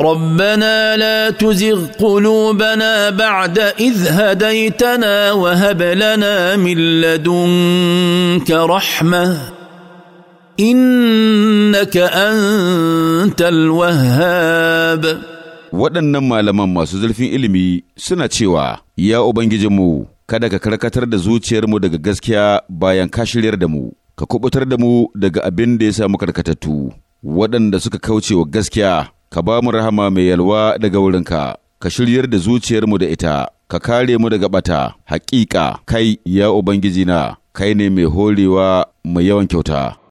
ربنا لا تزغ قلوبنا بعد اذ هديتنا وهب لنا من لدنك رحمه انك انت الوهاب waɗannan malaman masu zurfin ilimi suna cewa ya ubangijinmu kada ka karkatar da zuciyarmu daga gaskiya bayan ka shiryar da mu ka kubutar da mu daga abin da ya samu karkatattu waɗanda suka kauce wa gaskiya ka ba mu rahama mai yalwa daga wurinka, ka shiryar da zuciyarmu da ita, ka kare mu daga ɓata. Haƙiƙa kai ya Ubangiji na, kai ne mai horewa mai yawan kyauta.